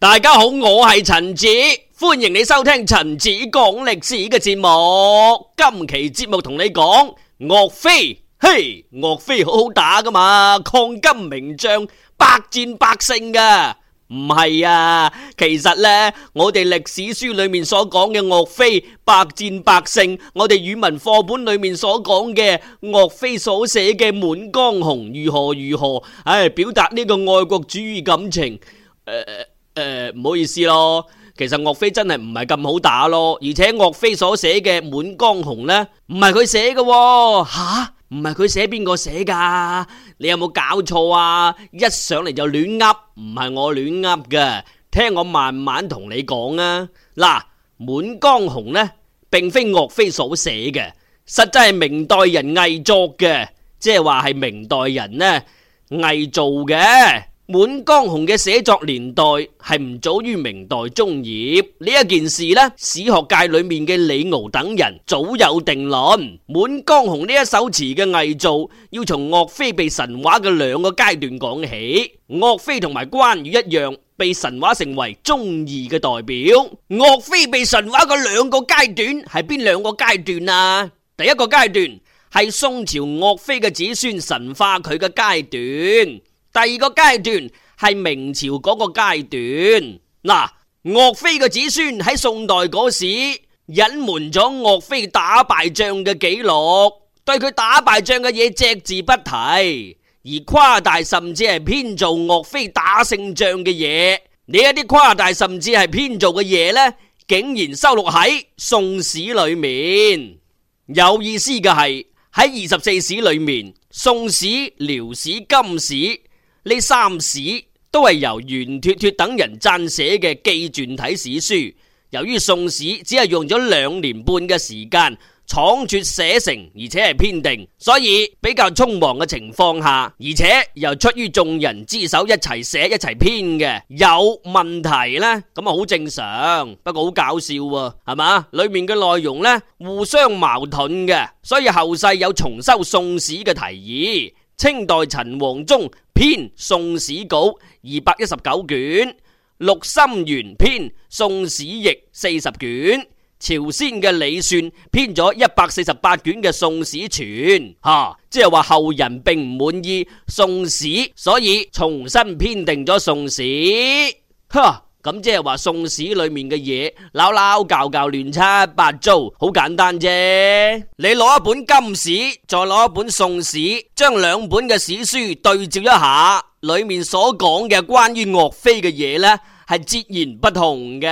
大家好，我係陳子，歡迎你收聽陳子講歷史嘅節目。今期節目同你講岳飛。嘿，岳飛好好打㗎嘛，抗金名將，百戰百勝㗎，唔係啊。其實呢，我哋歷史書裏面所講嘅岳飛百戰百勝，我哋語文課本裏面所講嘅岳飛所寫嘅《滿江紅》如何如何，唉、哎，表達呢個愛國主義感情，誒、呃。誒，唔好意思咯，其實岳飛真係唔係咁好打咯，而且岳飛所寫嘅《滿江紅》呢，唔係佢寫嘅，吓、啊，唔係佢寫邊個寫噶？你有冇搞錯啊？一上嚟就亂噏，唔係我亂噏嘅，聽我慢慢同你講啊。嗱，《滿江紅》呢，並非岳飛所寫嘅，實際係明代人偽作嘅，即係話係明代人呢偽造嘅。滿江紅嘅寫作年代係唔早於明代中葉呢一件事咧，史學界裏面嘅李敖等人早有定論。滿江紅呢一首詞嘅偽造，要從岳飛被神化嘅兩個階段講起。岳飛同埋關羽一樣，被神化成為忠義嘅代表。岳飛被神化嘅兩個階段係邊兩個階段啊？第一個階段係宋朝岳飛嘅子孫神化佢嘅階段。第二個階段係明朝嗰個階段，嗱、呃，岳飛嘅子孫喺宋代嗰時隱瞞咗岳飛打敗仗嘅記錄，對佢打敗仗嘅嘢隻字不提，而誇大甚至係編造岳飛打勝仗嘅嘢。呢一啲誇大甚至係編造嘅嘢呢，竟然收錄喺《宋史》裏面。有意思嘅係，喺二十四史裏面，《宋史》、《遼史》、《金史》。呢三史都係由袁脱脱等人撰寫嘅紀傳體史書。由於宋史只係用咗兩年半嘅時間倉促寫成，而且係編定，所以比較匆忙嘅情況下，而且又出於眾人之手一齊寫一齊編嘅，有問題呢，咁啊好正常。不過好搞笑喎，係嘛？裏面嘅內容呢，互相矛盾嘅，所以後世有重修宋史嘅提議。清代陳黃中編《宋史稿》二百一十九卷，陸心源編《宋史翼》四十卷，朝鮮嘅李算編咗一百四十八卷嘅《宋史筌》吓，即係話後人並唔滿意《宋史》，所以重新編定咗《宋史》吓。咁即係話宋史裏面嘅嘢，撈撈搞搞亂七八糟，好簡單啫。你攞一本金史，再攞一本宋史，將兩本嘅史書對照一下，裏面所講嘅關於岳飛嘅嘢呢係截然不同嘅。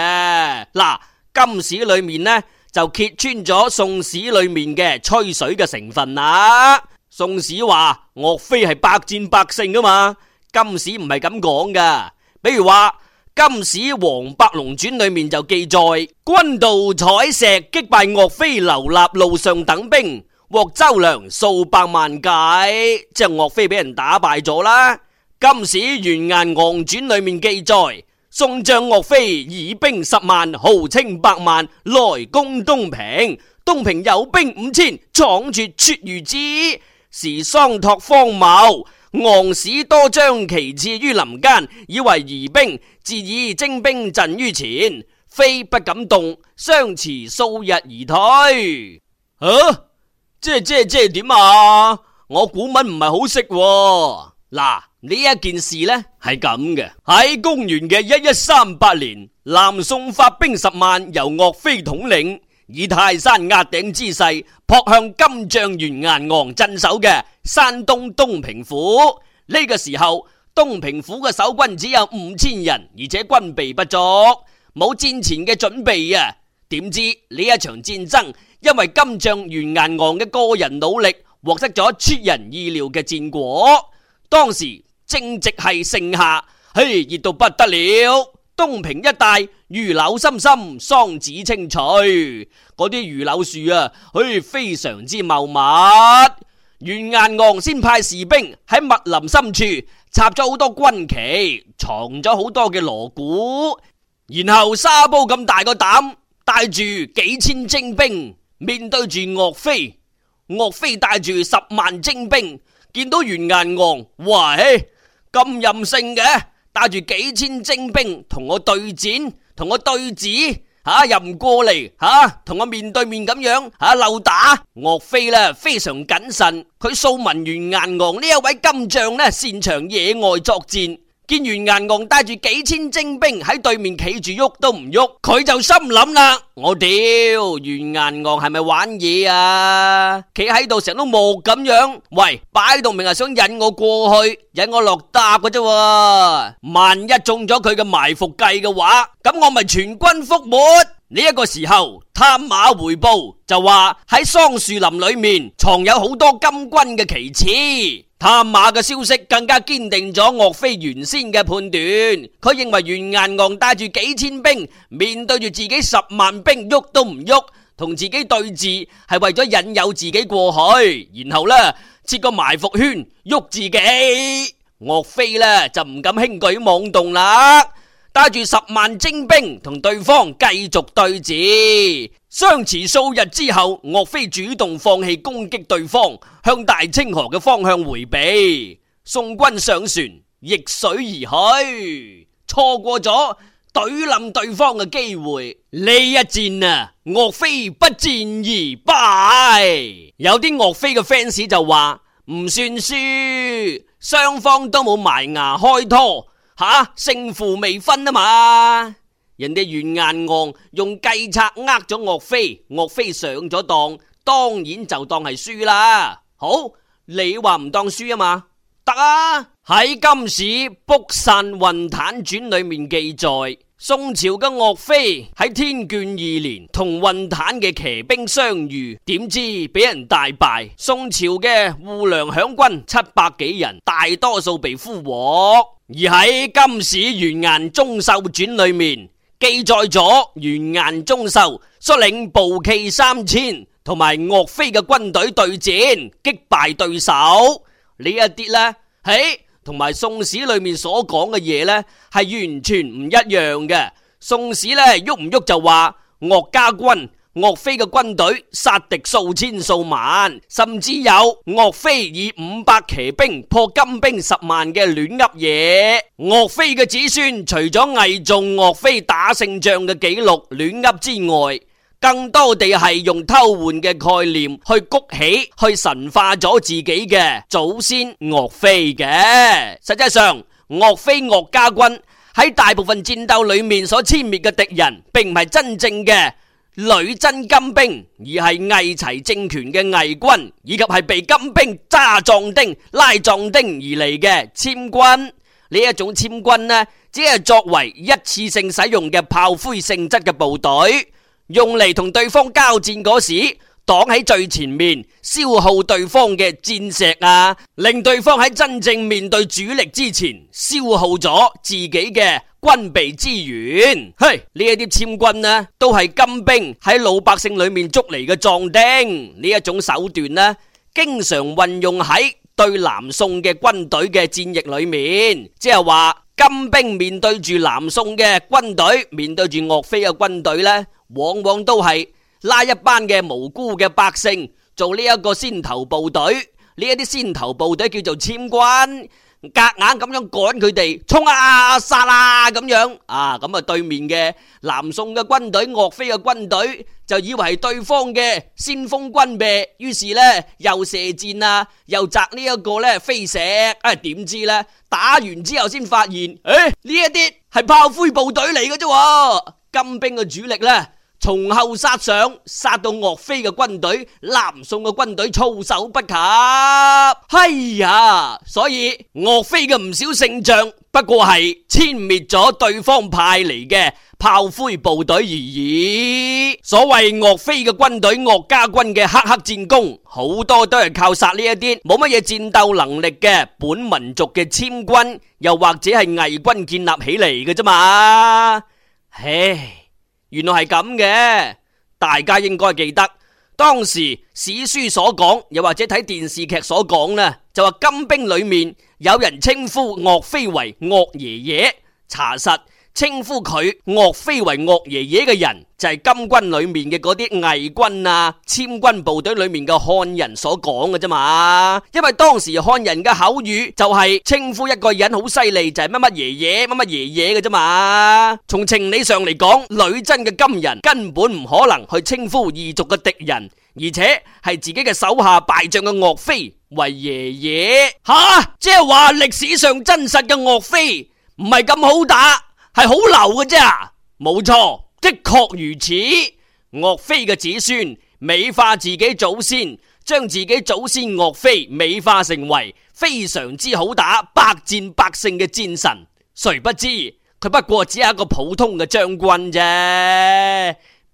嗱，金史裏面呢，就揭穿咗宋史裏面嘅吹水嘅成分啦。宋史話岳飛係百戰百勝噶嘛，金史唔係咁講噶。比如話。金史《王伯龍傳》裏面就記載，軍渡采石擊敗岳飛，劉立路上等兵，獲周糧數百萬計，即係岳飛俾人打敗咗啦。金史《完顏昂傳》裏面記載，宋將岳飛以兵十萬，號稱百萬，來攻東平，東平有兵五千，闖住出御資，是桑托荒謬。昂史多將其次於林間，以為疑兵，自以精兵陣於前，非不敢動，相持數日而退。啊，即係即係即係點啊？我古文唔係好識，啊。嗱，呢一件事呢係咁嘅，喺公元嘅一一三八年，南宋發兵十萬，由岳飛統領。以泰山壓頂之勢撲向金將完顏昂鎮守嘅山東東平府。呢、這個時候，東平府嘅守軍只有五千人，而且軍備不足，冇戰前嘅準備啊！點知呢一場戰爭，因為金將完顏昂嘅個人努力，獲得咗出人意料嘅戰果。當時正值係盛夏，嘿，熱到不得了。東平一帶，榆柳深深，桑子青翠。嗰啲榆柳樹啊，唉、哎，非常之茂密。完顏昂先派士兵喺密林深處插咗好多軍旗，藏咗好多嘅鑼鼓。然後沙煲咁大個膽，帶住幾千精兵，面對住岳飛。岳飛帶住十萬精兵，見到完顏昂，喂，咁任性嘅。帶住幾千精兵同我對戰，同我對峙，吓、啊、又唔過嚟，吓、啊、同我面對面咁樣吓溜、啊、打。岳飛呢，非常謹慎，佢素聞完顏昂呢一位金將呢，擅長野外作戰。見袁彥昂帶住幾千精兵喺對面企住喐都唔喐，佢就心諗啦：我屌袁彥昂係咪玩嘢啊？企喺度成都木咁樣，喂，擺到明係想引我過去，引我落搭嘅啫。萬一中咗佢嘅埋伏計嘅話，咁我咪全軍覆沒。呢一個時候，探馬回報就話喺桑樹林裏面藏有好多金軍嘅旗幟。探馬嘅消息更加堅定咗岳飛原先嘅判斷，佢認為完顏昂帶住幾千兵面對住自己十萬兵，喐都唔喐，同自己對峙，係為咗引誘自己過去，然後呢，設個埋伏圈，喐自己。岳飛呢就唔敢輕舉妄動啦，帶住十萬精兵同對方繼續對峙。相持數日之後，岳飛主動放棄攻擊對方，向大清河嘅方向回避。宋軍上船逆水而去，錯過咗懟冧對方嘅機會。呢一戰啊，岳飛不戰而敗。有啲岳飛嘅 fans 就話唔算輸，雙方都冇埋牙開拖，吓、啊、勝負未分啊嘛。人哋完顏昂用計策呃咗岳飛，岳飛上咗當，當然就當係輸啦。好，你話唔當輸啊嘛？得啊。喺《金史卜散運坦傳》裏面記載，宋朝嘅岳飛喺天眷二年同運坦嘅騎兵相遇，點知俾人大敗。宋朝嘅護糧響軍七百幾人，大多數被俘獲。而喺《金史完顏忠秀傳》裏面。記載咗完顏宗秀率領步騎三千同埋岳飛嘅軍隊對戰，擊敗對手呢一啲呢，同埋宋史裏面所講嘅嘢呢，係完全唔一樣嘅。宋史呢，喐唔喐就話岳家軍。岳飛嘅軍隊殺敵數千數萬，甚至有岳飛以五百騎兵破金兵十萬嘅亂噏嘢。岳飛嘅子孫除咗偽造岳飛打勝仗嘅紀錄亂噏之外，更多地係用偷換嘅概念去谷起去神化咗自己嘅祖先岳飛嘅。實際上，岳飛岳家軍喺大部分戰鬥裏面所殲滅嘅敵人，並唔係真正嘅，女真金兵，而係偽齊政權嘅偽軍，以及係被金兵揸壯丁、拉壯丁而嚟嘅簽軍。呢一種簽軍呢，只係作為一次性使用嘅炮灰性質嘅部隊，用嚟同對方交戰嗰時。擋喺最前面，消耗對方嘅戰石啊，令對方喺真正面對主力之前，消耗咗自己嘅軍備資源。嘿，呢一啲簽軍呢，都係金兵喺老百姓裏面捉嚟嘅壯丁。呢一種手段呢，經常運用喺對南宋嘅軍隊嘅戰役裏面。即係話，金兵面對住南宋嘅軍隊，面對住岳飛嘅軍隊呢，往往都係。拉一班嘅無辜嘅百姓做呢一個先頭部隊，呢一啲先頭部隊叫做簽軍，夾硬咁樣趕佢哋衝啊殺啊咁樣啊，咁啊對面嘅南宋嘅軍隊岳飛嘅軍隊就以為係對方嘅先鋒軍唄，於是呢又射箭啊，又擲呢一個呢飛石，哎點知呢？打完之後先發現，誒呢一啲係炮灰部隊嚟嘅啫，金兵嘅主力呢，從後殺上，殺到岳飛嘅軍隊，南宋嘅軍隊措手不及。哎呀，所以岳飛嘅唔少勝仗，不過係殲滅咗對方派嚟嘅炮灰部隊而已。所謂岳飛嘅軍隊岳家軍嘅赫赫戰功，好多都係靠殺呢一啲冇乜嘢戰鬥能力嘅本民族嘅簽軍，又或者係偽軍建立起嚟嘅啫嘛。唉。原來係咁嘅，大家應該記得，當時史書所講，又或者睇電視劇所講呢就話金兵裏面有人稱呼岳飛為岳爺爺。查實。稱呼佢岳飛為岳爺爺嘅人就係金軍裏面嘅嗰啲魏軍啊，簽軍部隊裏面嘅漢人所講嘅啫嘛。因為當時漢人嘅口語就係稱呼一個人好犀利就係乜乜爺爺乜乜爺爺嘅啫嘛。從情理上嚟講，女真嘅金人根本唔可能去稱呼異族嘅敵人，而且係自己嘅手下敗將嘅岳飛為爺爺吓，即係話歷史上真實嘅岳飛唔係咁好打。係好流嘅啫，冇錯，的確如此。岳飛嘅子孫美化自己祖先，將自己祖先岳飛美化成為非常之好打、百戰百勝嘅戰神。誰不知佢不過只係一個普通嘅將軍啫，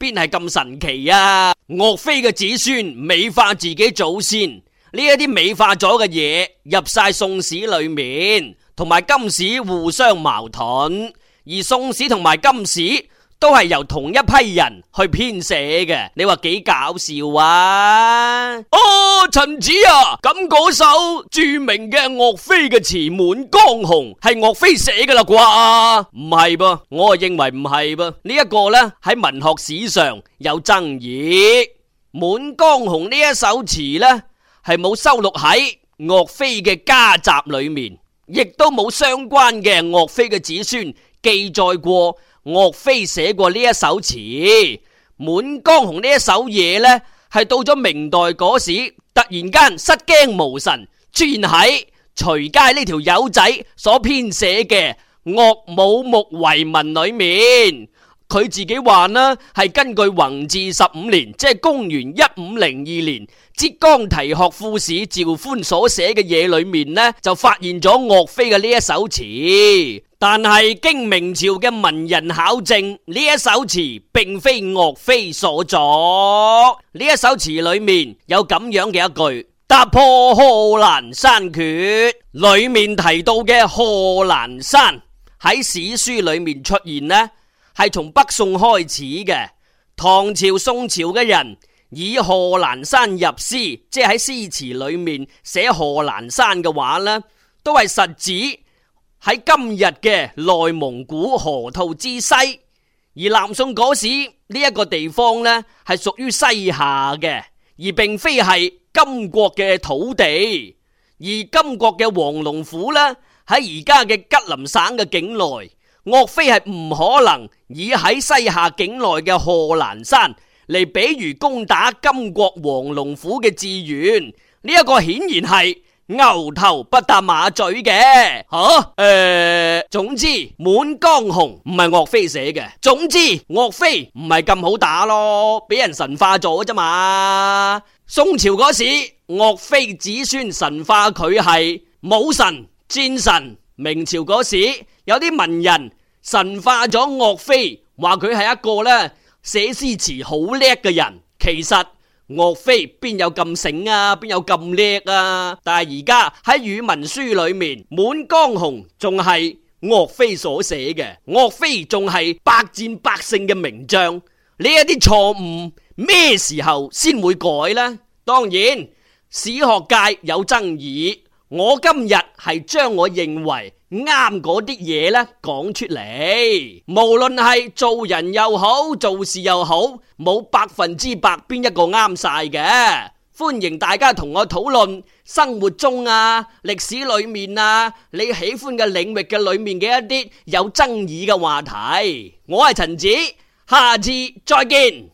邊係咁神奇啊？岳飛嘅子孫美化自己祖先呢一啲美化咗嘅嘢，入晒宋史裏面，同埋金史互相矛盾。而宋史同埋金史都係由同一批人去編寫嘅，你話幾搞笑啊？哦，陳子啊，咁嗰首著名嘅岳飛嘅詞《滿江紅》係岳飛寫噶啦啩？唔係噃，我啊認為唔係噃，呢一個咧喺文學史上有爭議，《滿江紅》呢一首詞咧係冇收錄喺岳飛嘅家集裏面，亦都冇相關嘅岳飛嘅子孫記載過岳飛寫過呢一首詞《滿江紅》，呢一首嘢，呢，係到咗明代嗰時突然間失驚無神，出現喺徐階呢條友仔所編寫嘅《岳武穆遺文》裏面。佢自己話呢，係根據弘治十五年，即係公元一五零二年，浙江提學副使趙寬所寫嘅嘢裏面呢，就發現咗岳飛嘅呢一首詞。但係經明朝嘅文人考證，呢一首詞並非岳飛所作。呢一首詞裡面有咁樣嘅一句：踏破賀蘭山缺。裡面提到嘅賀蘭山喺史書裡面出現呢，係從北宋開始嘅。唐朝、宋朝嘅人以賀蘭山入詩，即係喺詩詞裡面寫賀蘭山嘅話呢，都係實指，喺今日嘅內蒙古河套之西，而南宋嗰時呢一個地方呢係屬於西夏嘅，而並非係金國嘅土地。而金國嘅黃龍府呢，喺而家嘅吉林省嘅境內，岳飛係唔可能以喺西夏境內嘅賀蘭山嚟，比喻攻打金國黃龍府嘅志願，呢、這、一個顯然係。牛頭不搭馬嘴嘅，吓、啊，誒、呃，總之滿江紅唔係岳飛寫嘅，總之岳飛唔係咁好打咯，俾人神化咗啫嘛。宋朝嗰時岳飛子孫神化佢係武神、戰神，明朝嗰時有啲文人神化咗岳飛，話佢係一個呢寫詩詞好叻嘅人，其實。岳飛邊有咁醒啊，邊有咁叻啊？但係而家喺語文書裏面，《滿江紅》仲係岳飛所寫嘅，岳飛仲係百戰百勝嘅名將。呢一啲錯誤，咩時候先會改呢？當然，史學界有爭議。我今日係將我認為啱嗰啲嘢咧講出嚟，無論係做人又好，做事又好，冇百分之百邊一個啱晒嘅。歡迎大家同我討論生活中啊、歷史裏面啊，你喜歡嘅領域嘅裏面嘅一啲有爭議嘅話題。我係陳子，下次再見。